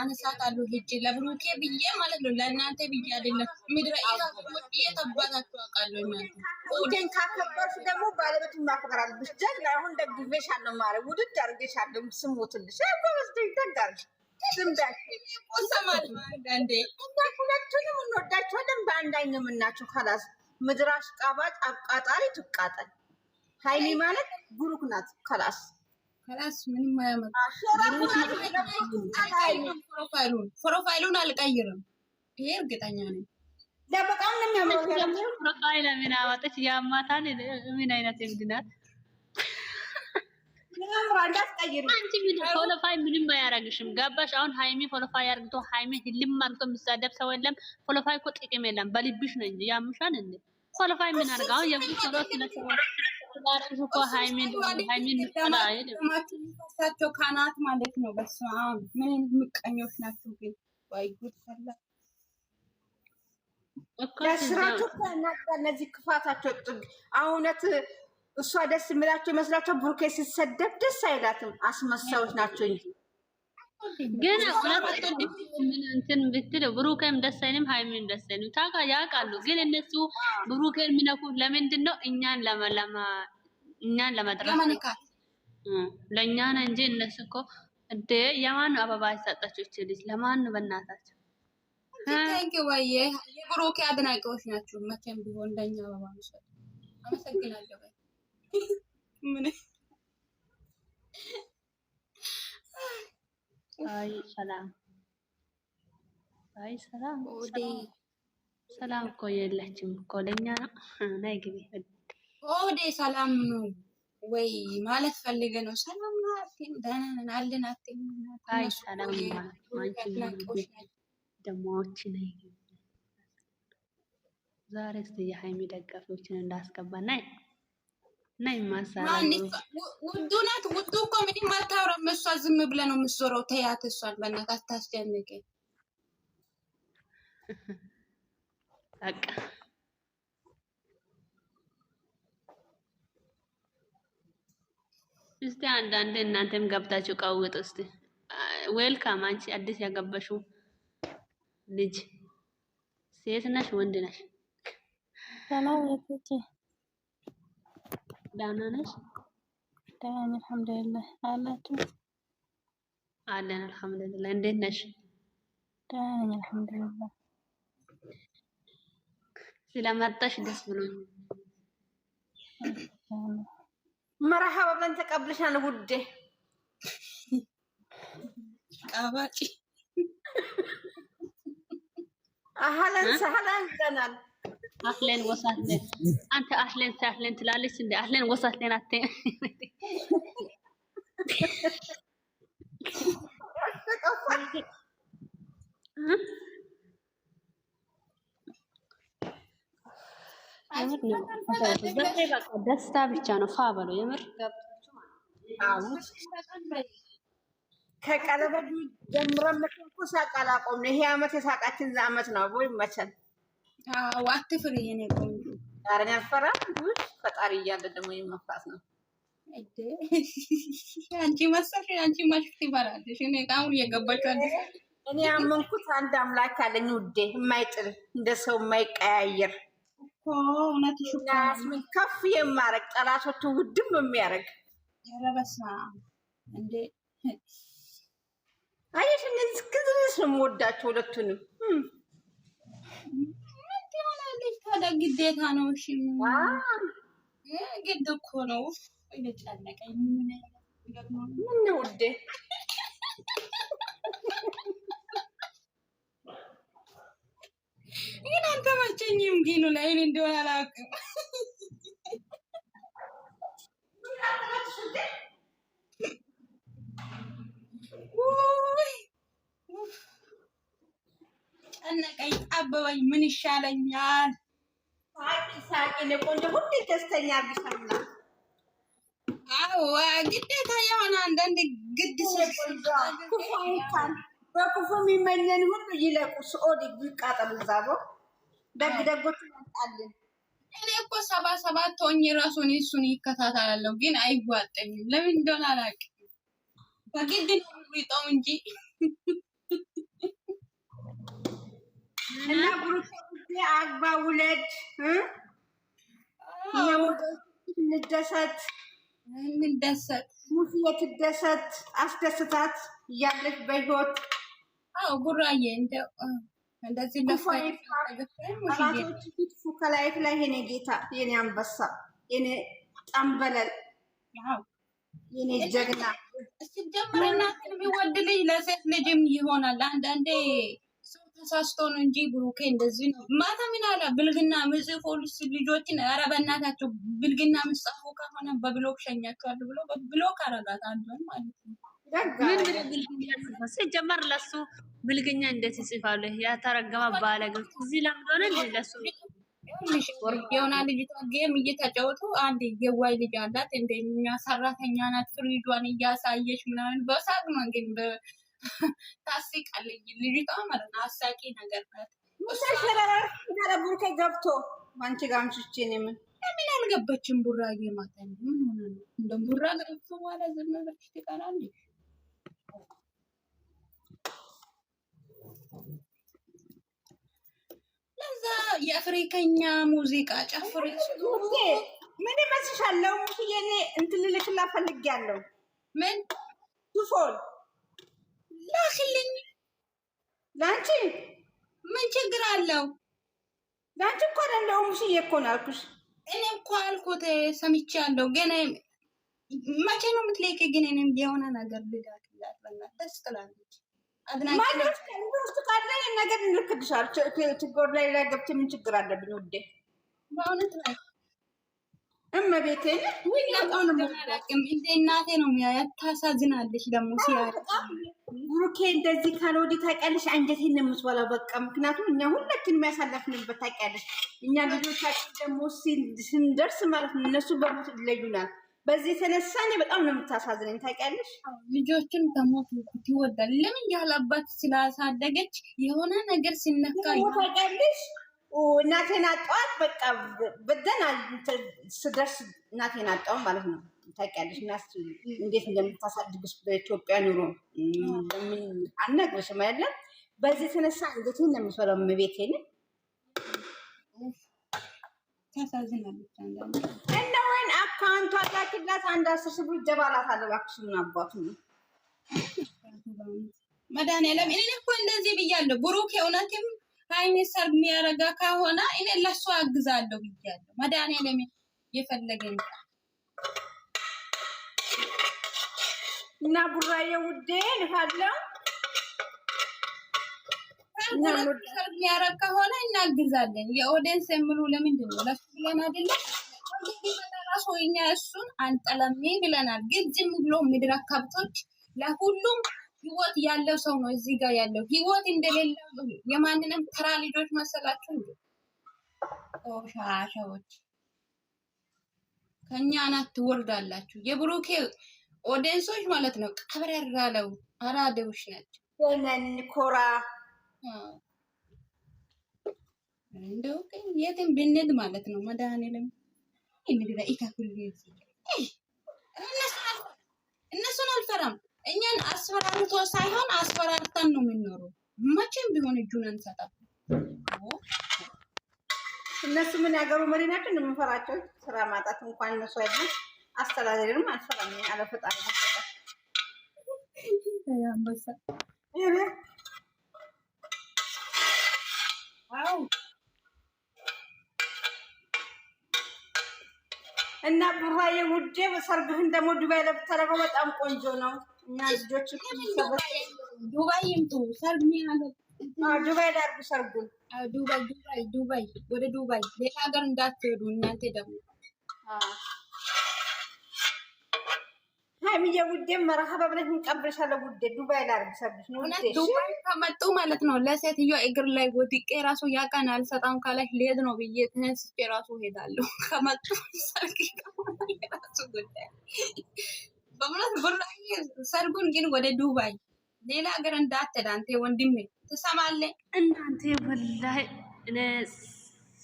አነሳታለሁ ሂጅ ለብሩኬ ብዬ ማለት ነው። ለእናንተ ብዬ አይደለም። ምድረ እየተባታችሁ አውቃለሁ ውድን ካከበርሽ ደግሞ ባለቤት ማክበር አለብሽ። ጀግና አሁን ደግቤሻለሁ ማለት ውድድ አድርጌሻለሁ። ስሞትልሽ በበስደ ይደጋል ዝምዳንዴ ሁለቱንም እንወዳቸዋለን። በአንድ አይን የምናቸው ከላስ ምድር አሽቃባጭ አቃጣሪ ትቃጠል። ሀይሌ ማለት ጉሩክ ናት ከላስ ከላስ ምንም አያመጣም። ፕሮፋይሉን ፕሮፋይሉን አልቀይርም። ይሄ እርግጠኛ ነኝ። በጣም ነው የሚያምረው ፕሮፋይል ምን አወጣች? ያማታን ምን አይነት እብድ ናት? ፎሎፋይ ምንም አያረግሽም። ገባሽ? አሁን ሀይሚ ፎሎፋይ አርግቶ ሃይሚ ህልም አርግቶ የምሳደብ ሰው የለም። ፎሎፋይ እኮ ጥቅም የለም። በልብሽ ነው እንጂ ያምሻን እንዴ ፎሎፋይ ምን አሁን የብዙ ሳቸው ካናት ማለት ነው። ምን ምቀኞች ናቸው ግን! ወይ ጉድ ፈላ እነዚህ ክፋታቸው ጥግ እውነት እሷ ደስ የሚላቸው ይመስላቸው። ሲሰደብ ደስ አይላትም። አስመሳዮች ናቸው እንጂ ግን ምን እንትን ብትል ብሩኬም ደስ አይልም፣ ሃይሚም ደስ አይልም። ታውቃ ያውቃሉ። ግን እነሱ ብሩኬን የሚነኩት ለምንድን ነው? እኛን ለመለማ እኛን ለመድረስ ለእኛ ነው እንጂ እነሱ እኮ እንደ የማን አበባ ይሰጣቸው ይችልች ለማን ነው? በእናታቸው ታንኪ ወየ የብሩኬ አድናቂዎች ናቸው። መቼም ቢሆን ለኛ አበባ ነው። አመሰግናለሁ። ምን አይ ሰላም አይ ሰላም ሰላም እኮ የለችም እኮ ለኛ ናይ ግቢ ኦዴ ሰላም ነው ወይ ማለት ፈልገ ነው። ሰላም ነው ደህና ነን አትይም። አይ ሰላም ደሞዎች ናይ ዛሬ እስቲ የሃይሚ ደጋፊዎችን እንዳስገባ ናይ ናይ ውዱ ናት። ውዱ እኮ ምንም አታውራም። እሷ ዝም ብለ ነው የምትዞረው። ተያት እሷን በእናትህ እስቲ እናንተም ገብታችሁ ቀውጥ እስቲ። ዌልካም አንቺ አዲስ ያገባሽው ልጅ ሴት ነሽ ወንድ ነሽ? ሰላም ደህና ነሽ? ደህና ነኝ አልሐምዱሊላህ። አላችሁ አለን አልሐምዱሊላህ። እንዴት ነሽ? ደህና ነኝ አልሐምዱሊላህ። ስለመጣሽ ደስ ብሎኝ መርሐባ ብለን ተቀብለሻል ውዴ። አህለን ሰህለን ብለናል። አህለን ወሳህለን አንተ አህለን ሳህለን ትላለች። እንደ አህለን ወሳህለን አተ ደስታ ብቻ ነው። ፋ በሉ የምር ከቀለበት ጀምረን መተንኮስ ሳቃላቆም ነው። ይሄ አመት የሳቃችን ዛ ነው ወይ መቸን አዎ አትፍሪ፣ የኔ ቆንጆ። ኧረ አልፈራም። ፈጣሪ እያለ ደግሞ መፍራት ነው። አንቺ መሰልሽ አንቺ ማሽፍት ይባላለሽ። እኔ አሁን እየገባች እኔ አመንኩት። አንድ አምላክ አለኝ ውዴ፣ የማይጥል እንደ ሰው የማይቀያየር እውነትሽ ያስሚን ከፍ የማረግ ጠላቶቹ ውድም የሚያደርግ ኧረ እንዴ! አየሽ፣ እነዚህ ክዝብስ ነው የምወዳቸው ሁለቱንም ታዲያ ግዴታ ነው። እሺ ግድ እኮ ነው። ጨነቀኝ። ምነው ውዴ ግን አልተመቸኝም። ጊኑ ላይ እኔ እንደሆነ አላውቅም። ጨነቀኝ፣ ጠበበኝ። ምን ይሻለኛል? ሳቂ ሳቂ ቆንጆ ግዴታ የሆነ አንዳንድ ግድ በክፉ የሚመኘን ሁሉ ይለቁ ስኦድ ይቃጠሉ ዛቦ ደግ ደጎች ይመጣልን። እኔ እኮ ሰባ ሰባት ሆኜ ራሱን እሱን ይከታተላለሁ፣ ግን አይዋጠኝም። ለምን እንደሆነ አላውቅም። በግድ ይጠው እንጂ እና አግባ ውለድ፣ እንደሰት እንደሰት ሙስዬ ትደሰት፣ አስደስታት እያለች በህይወት ጉራዬ እንደዚህ ጠላቶች ይጥፉ ከላይፍ ላይ የኔ ጌታ፣ የኔ አንበሳ፣ የኔ ጠንበለል፣ የኔ ጀግና። ሲጀምር እናትን የሚወድ ልጅ ለሴት ልጅም ይሆናል አንዳንዴ ተሳስቶ ነው እንጂ ብሩኬ እንደዚህ ነው። ማታ ምን አለ ብልግና ፖሊስ ልጆችን ኧረ በእናታቸው ብልግና ምጽፎ ከሆነ በብሎክ ሸኛቸዋል ብሎ በብሎክ አረጋት አለን ማለት ነው። ሲጀመር ለሱ ብልግኛ እንዴት ይጽፋሉ? ያተረገመ ባለግብ እዚህ ለምደሆነ ለሱ የሆነ ልጅቷ ጌም እየተጫወቱ አንድ የዋይ ልጅ አላት እንደኛ ሰራተኛ ናት። ፍሪጇን እያሳየች ምናምን በሳቅ ነው እንግዲህ ታስቃለኝ ልጅቷ ማለት ነው። አሳቂ ነገር ናት። ቡርኬ ገብቶ አንቺ ጋር አምሽቼ ነው የምን ለምን አልገባችም? ቡራዬ ማታ ምን ሆነ ነው እንደ ቡራ ገብቶ በኋላ ዝም ብለሽ ትቀራለሽ። ለዛ የአፍሪከኛ ሙዚቃ ጨፍሪ ምን ይመስሻለው? ሙሽዬ እኔ እንትን ልልክላ ፈልጊያለሁ። ምን ቱፎል ላክልኝ። ለአንቺ ምን ችግር አለው? ለአንቺ እኮ አይደለሁም ሙሽዬ እኮ ነው ያልኩሽ። እኔ እኮ አልኩት ሰምቻለሁ። ግን መቼ ነው የምትለቅ? ግን እኔም የሆነ ነገር ልዳክላት በእናትህ ትላለች። ውስጥ ነገር እንልክልሻል። ችግር ላይ ላይ ገብቼ ምን ችግር አለብኝ ውዴ በእውነት ላይ እመቤቴ እንደ እናቴ ነው የሚያያት። ታሳዝናለች ደግሞ ብሩኬ እንደዚህ ካልወዲ ታውቂያለሽ፣ አንጀቴን ነው የምትበላው በቃ። ምክንያቱም እኛ ሁላችን የሚያሳላፍንበት ታውቂያለሽ። እኛ ልጆቻችን ደግሞ ስንደርስ ማለት ነው እነሱ በሞት ይለዩናል። በዚህ የተነሳ እኔ በጣም ነው የምታሳዝነኝ ታውቂያለሽ። ልጆችን ከሞት ይወዳል። ለምን ያህል አባት ስላሳደገች የሆነ ነገር ሲነካ ታውቂያለሽ እናቴን አጣኋት። በቃ በደና ስደርስ እናቴን አጣሁ ማለት ነው። ታውቂያለሽ እናት እንዴት እንደምታሳድግሽ በኢትዮጵያ ኑሮ ለምን አልነግርሽም አይደለም። በዚህ የተነሳ እንዴት ነው የምትበላው? ነ ታሳዝናለች። እና አላኪላት አንድ አስር ሺህ ብር አለ እባክሽ ምን አባቱ ነው መድኃኒዓለም። እኔ እኮ እንደዚህ ብያለሁ ብሩክ የእውነትም ከአይኔ ሰርግ የሚያረጋ ከሆነ እኔ ለሱ አግዛለሁ ብያለሁ። መዳኔ ለሚ የፈለገኝ እና ቡራዬ ውዴ ልሃለው ሰርግ የሚያረግ ከሆነ እናግዛለን። የኦዲየንስ የምሉ ለምንድን ነው ለሱ ብለን አይደለም ራሱ እኛ እሱን አንጠለሚ ብለናል። ግጅም ብሎ ምድረ ከብቶች ለሁሉም ህይወት ያለው ሰው ነው እዚህ ጋር ያለው። ህይወት እንደሌለ የማንንም ተራ ልጆች መሰላችሁ እንዴ? ቆሻሻዎች ከኛ አናት ትወርዳላችሁ። የብሩኬ ኦዴንሶች ማለት ነው። ቀብረር ያለው አራደውሽ ናቸው። ወመን ኮራ እንደው ግን የትም ብንል ማለት ነው መድኃኒዓለም ምድረ ኢካኩል እነሱን አልፈራም እኛን አስፈራርቶ ሳይሆን አስፈራርተን ነው የምንኖረው። መቼም ቢሆን እጁን አንሰጠም። እነሱ ምን ያገሩ መሪ ናቸው እንደምንፈራቸው ስራ ማጣት እንኳን እነሱ አይሉ አስተዳደርም አልፈራም። አለፈጣሪ እና ቡራ ውዴ ሰርግህን ደግሞ ዱባይ ለብታደረገው በጣም ቆንጆ ነው። እና ልጆች ዱባይ ይምጡ። ሰርግ ዱባይ ዳርጉ። ሰርጉን ዱባይ ዱባይ ዱባይ ወደ ዱባይ ሌላ ሀገር እንዳትሄዱ እናንተ ደግሞ ሀይሚዬ ውዴ መርሀባ ብለሽ እንቀብልሻለሁ። ውዴ ዱባይ ላርግ ሰርግሽ ነው። ዱባይ ከመጡ ማለት ነው ለሴትዮዋ እግር ላይ ወድቄ ራሱ ያቀን አልሰጣም ካላሽ ሌድ ነው ብዬ ተነስቼ ራሱ ሄዳለሁ። ከመጡ ሰርግ ከመጡ የራሱ ጉዳይ በእውነት ብራኝ ሰርጉን ግን ወደ ዱባይ ሌላ ሀገር እንዳትሄድ አንተ ወንድሜ ትሰማለህ? እናንተ ወላሂ እኔ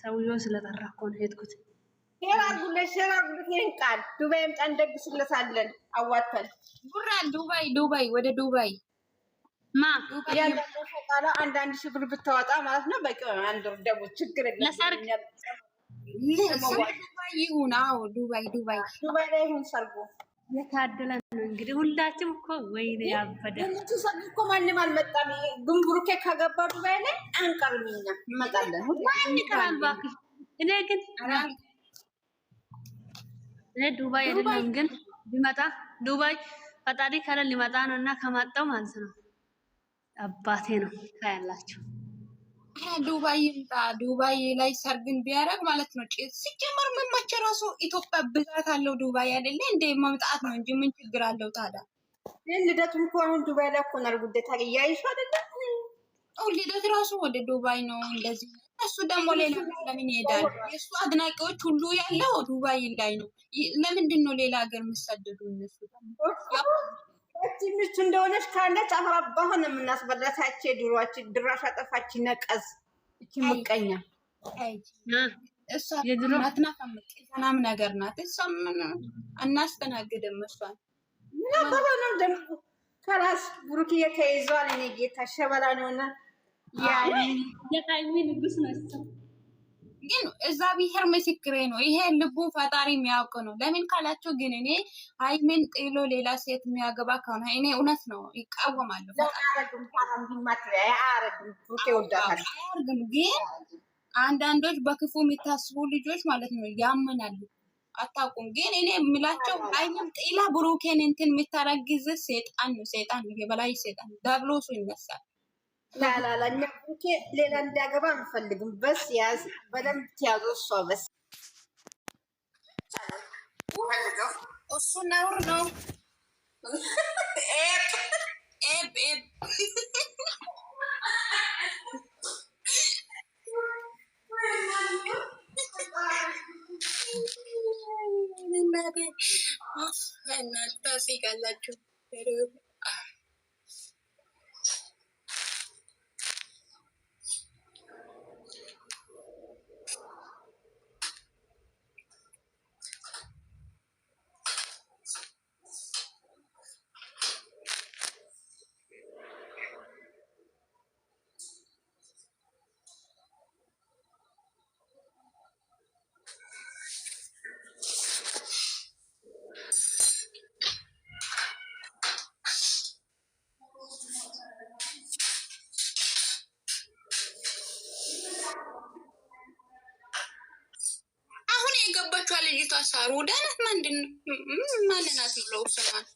ሰውዬው ስለጠራ እኮ ነው የሄድኩት። ሼር አድርጉለት፣ ሼር አድርጉለት ይሄን ቃል ዱባይም ጣን ደግስለታለን። አዋተል ቡራ ዱባይ ዱባይ ወደ ዱባይ ማ ያለፈው ቃላ አንዳንድ ሺህ ብር ብታወጣ ማለት ነው በቂ አንድ ወር ደግሞ ችግር የለም ለሰርግ ይሁን። አዎ ዱባይ ዱባይ ዱባይ ላይ ይሁን ሰርጉ የታደለ ነው እንግዲህ ሁላችንም እኮ ወይ ነው ያበደ እንቱ ሰው እኮ ማንም አልመጣም። ጉምሩኬ ከገባ ዱባይ ላይ አንቀርም፣ እኛ እንመጣለን። ማን እባክሽ? እኔ ግን እኔ ዱባይ አይደለም ግን ቢመጣ ዱባይ ፈጣሪ ካለ ሊመጣ ነው እና ከመጣው ማለት ነው አባቴ ነው ታያላችሁ። ዱባይ ይምጣ። ዱባይ ላይ ሰርግን ቢያደርግ ማለት ነው ሲጀመር ምግባቸው ራሱ ኢትዮጵያ ብዛት አለው። ዱባይ አይደለ እንደ መምጣት ነው እንጂ ምን ችግር አለው ታዲያ? ልደቱ እኮ አሁን ዱባይ ላይ እኮ ነው ጉደታ እያይሱ አይደለ? ልደት ራሱ ወደ ዱባይ ነው እንደዚህ። እሱ ደግሞ ሌላ ለምን ይሄዳል? የእሱ አድናቂዎች ሁሉ ያለው ዱባይ ላይ ነው። ለምንድን ነው ሌላ ሀገር የምሰደዱ? እነሱ ሚስቱ እንደሆነች ካለች አምራባህ ነው የምናስበላታቸው። ድሯችን ድራሽ አጠፋች ነቀዝ እቺ ምቀኛ እሷ ናትና ምናም ነገር ናት። እሷ ምን አናስተናግድም። እሷን ምን አባባ ነው ደግሞ ከራስ ብሩክዬ ተይዟል። እኔ ጌታ ሸበላ ነውና የቃሚ ንጉስ ናቸው። ግን እዛ ብሄር ምስክሬ ነው። ይሄ ልቡ ፈጣሪ የሚያውቅ ነው። ለምን ካላቸው ግን እኔ ሀይሜን ጥሎ ሌላ ሴት የሚያገባ ከሆነ እኔ እውነት ነው ይቃወማለሁ። አያረግም ግን አንዳንዶች በክፉ የሚታስቡ ልጆች ማለት ነው ያመናሉ። አታውቁም ግን እኔ የምላቸው አይም ጤላ ብሩኬን እንትን የምታረግዝ ሴጣን ነው ሴጣን ነው የበላይ ሴጣን ዳብሎሱ ይነሳል። ላላላኛ እኛ ብሩኬ ሌላ እንዲያገባ አንፈልግም። በስ ያዝ በደንብ ትያዙ እሷ በስ እሱ ነውር ነው ኤብ ኤብ ኤብ እናቴ እናት ሳሩ ደህና ናት። ማንናት ብለው ስማል